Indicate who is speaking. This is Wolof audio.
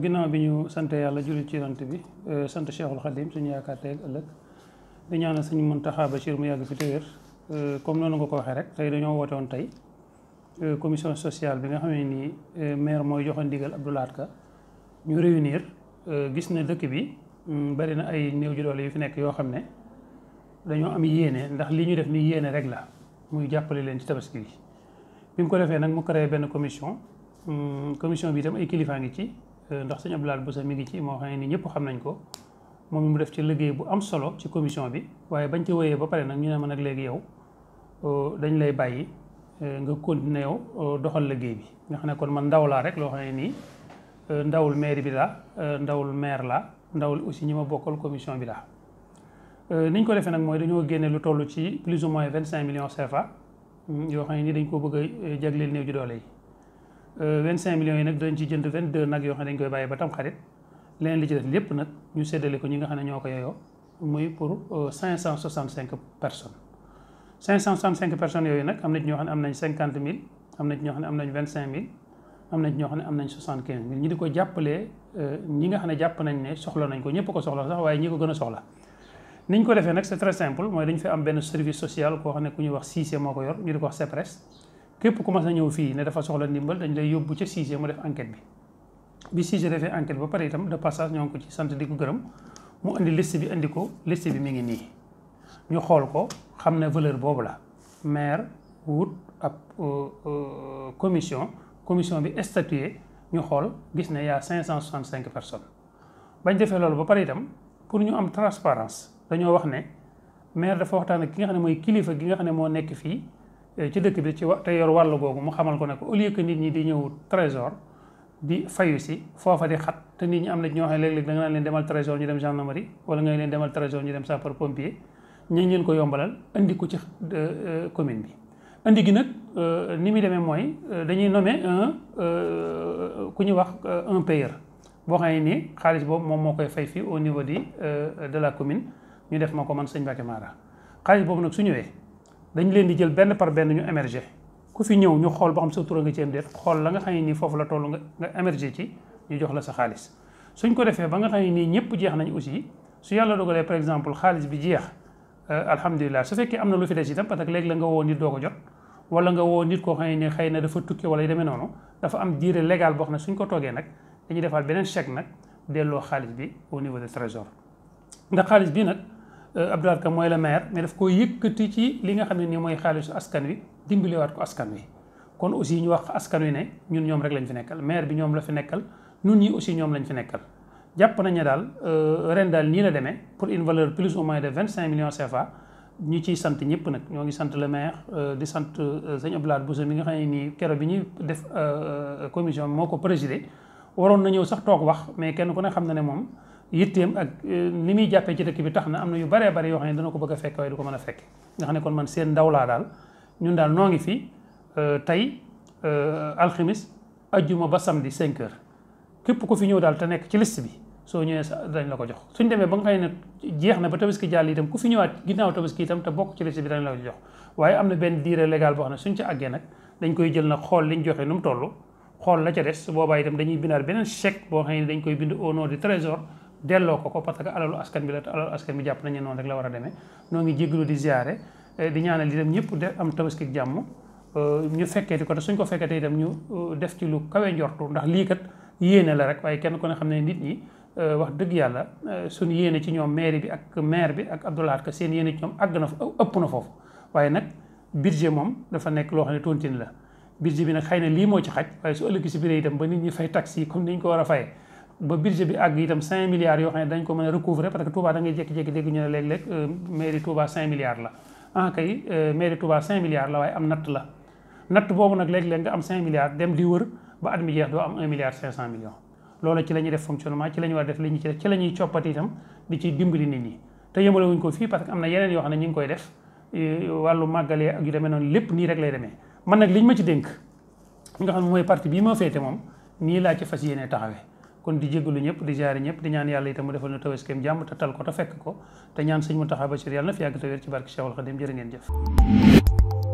Speaker 1: ginnaaw bi ñu sant yàlla jullit ci yonent bi eh, sant Cheikhul Khadim suñu yaakaar tey ëllëg di ñaanal suñu Muntaxa Bachir mu yàgg fi te wér eh, comme noonu nga ko waxee rek tey dañoo woote woon tey eh, commission sociale bi nga xam ne nii maire mooy joxe ndigal du laat Ka ñu réunir gis na dëkk bi mm, bari na ay néew ju doole yu fi nekk yoo xam ne dañoo am yéene ndax li ñu def ni yéene rek la muy jàppale leen ci tabaski bi bi mu ko defee nag mu créé benn commission mm, commission bi itam kilifaa ngi ci. ndax sëñ Abdou Lahad Bousso mi ngi ci moo xam ne ni ñëpp xam nañ ko moom mu def ci liggéey bu am solo ci commission bi waaye bañ ci wéyee ba pare nag ñu ne mën nag léegi yow euh, dañ lay bàyyi euh, nga continuer yow euh, doxal liggéey bi nga xam ne kon man ndaw laa rek loo xam ne nii ndawul meer bi laa ndawul meer la ndawul aussi ñi ma bokkal commission bi laa niñ ko defee nag mooy dañoo génnee lu toll ci plus ou moins vingt cinq millions CFA mm, yoo xam ne ni dañ ko bëgg a jagleel néew ji doole 25 millions yi nag dañ ci jënd 22 nag yoo xam ne dañ koy bàyyi ba tam xarit leneen li ci def lépp nag ñu séddale ko ñi nga xam ne ñoo ko yeyoo muy pour 565 euh, personnes 565 personnes yooyu nag am na ñoo xam ne am nañ 50 000 am ñoo xam ne am nañ 25 000 am na ñoo xam ne am nañ 75 000 ñi di ko jàppalee euh, ñi nga xam ne jàpp nañ ne soxla nañ ko ñëpp ko soxla sax waaye ñi ko gën a soxla ni ñu ko defee nag c'est très simple mooy dañu fi am benn service social koo xam ne ku ñuy wax Cissé moo ko yor ñu di ko wax CEPRES képp ku ñëw fii ne dafa soxla ndimbal dañ lay yóbbu ca Cissé mu def enquête bi bi Cissé defee enquête ba pare itam de passage ñoo ko ci sant di ko gërëm mu indi liste bi indi ko liste bi mi ngi nii ñu xool ko xam ne valeur boobu la maire wut ab euh, euh, commission commission bi statué ñu xool gis ne yaa cinq cent soixante cinq personnes bañ defee loolu ba pare itam pour ñu am transparence dañoo wax ne maire dafa waxtaan ak ki nga xam ne mooy kilifa gi nga xam ne moo nekk fii Eh, ci dëkk bi ci wax te yor wàll googu mu xamal ko ne ko au lieu que nit ñi di ñëw trésor di fayu si foofa di xat te nit ñi am na ñoo xam ne léeg-léeg da nga naan leen demal trésor ñu dem gendarmerie wala nga leen demal trésor ñu dem sapeur pompier ñu ngi ko yombalal indi ko ci euh, commune bi. indi gi nag euh, ni muy demee mooy euh, dañuy nommer un ku ñuy wax un payeur boo xam ne nii xaalis boobu moom moo koy fay fii au niveau di de la commune ñu def ma ko man sëñ Mbacké Mara xaalis boobu nag su ñëwee. dañ leen di jël benn par benn ñu émerger ku fi ñëw ñu xool ba xam sa tura nga ci am déet xool la nga xam nii foofu la toll nga nga émerger ci ñu jox la sa xaalis suñ ko defee ba nga xam nii ñëpp jeex nañ aussi su yàlla dogalee par exemple xaalis bi jeex euh, alhamdulilah su fekkee am na lu fi des si parce que léegi la nga woo nit doo ko jot wala nga woo nit ko xam ne xëy na dafa tukki wala yu noonu dafa am durée légale boo xam ne suñ ko toogee nag dañuy defaat beneen nag delloo xaalis bi au niveau de trésor ndax Euh, Abdoulaye Ka mooy le maire mais daf koo yëkkati ci li nga xam ne nii mooy xaalisu askan wi dimbaliwaat ko askan wi kon aussi ñu wax askan wi ne ñun ñoom rek lañ fi nekkal maire bi ñoom la fi nekkal ñun ñi aussi ñoom lañ fi nekkal jàpp nañ ne daal euh, ren daal nii la demee pour une valeur plus ou de vingt cinq millions CFA ñu ciy sant ñëpp nag ñoo ngi sant le maire euh, di sant sëñ bu Bousso mi nga xam ne nii keroog bi ñuy def commission moo ko présidé waroon na ñëw sax toog wax mais kenn ko ne xam na ne moom. yitteem ak euh, ni muy jàppee ci dëkk bi tax na am na yu baree bari yoo xam ne dana ko bëgg a fekk waaye du ko mën a fekk nga xam ne kon man seen ndaw laa daal ñun daal noo ngi fi euh, tey euh, alxamis ajjuma ba samedi 5 heures képp ku fi ñëw daal te nekk ci liste bi soo ñëwee sa dañ la ko jox suñ demee ba nga xam ne jeex na ba tabaski jàll itam ku fi ñëwaat ginnaaw tabaski itam te bokk ci liste bi dañ la ko jox waaye am na benn diire légal boo xam ne suñ ci àggee nag koy jël nag xool liñ joxe nu mu toll xool la ca des su boobaa itam dañuy bindaat beneen chèque boo dañ koy bind au nom du trésor delloo ko ko parce que alalu askan bi la te alalu askan bi jàpp nañ noonu rek la war a demee noo ngi jéggalu di ziare eh, di ñaanal dem ñëpp de am tabaski jàmm eh, ñu fekkee di ko te suñ ko fekkee te itam ñu eh, def ci lu kawe njortu ndax lii kat yéene la rek waaye kenn ku ne xam ne nit ñi wax dëgg yàlla suñ yéene ci ñoom mairie bi ak maire bi ak Abdoulaye ka seen yéene ci àgg na ëpp na foofu waaye nag budget moom dafa nekk loo xam ne tontine la budget bi nag xëy na lii moo ci xaj waaye su si biir itam ba nit ñi fay taxi comme niñ ko war a faye ba budget bi àgg itam 5 milliards yoo xam ne dañ ko mën a recouvrer parce que Touba da ngay jékki dégg ñu ne léeg-léeg euh, mairie Touba 5 ah, euh, milliards la waaye am natt la natt boobu nag léeg-léeg nga am 5 milliards dem di wër ba at mi loolu ci la ñuy def fonctionnement ci la ñu war def li ñu ci def ci la ñuy coppati itam di ci dimbali nit te yëmale wuñ ko fii parce que am na yeneen yoo xam ne ñu ngi koy def euh, wàllu màggalee ak yu demee noonu lépp nii rek lay demee man nag li ñu ma ci dénk nga xam mooy parti bii ma féete moom nii laa ci fas yéene taxawee kon di jégalu ñëpp di jaari ñëpp di ñaan yàlla itam mu defal ñu tawaskeem jàmm te tal te fekk ko te ñaan sëñ Mountakha Bachir yàlla na fi yàgg te wér ci barke Cheikhul Khadim jërë ngeen jëf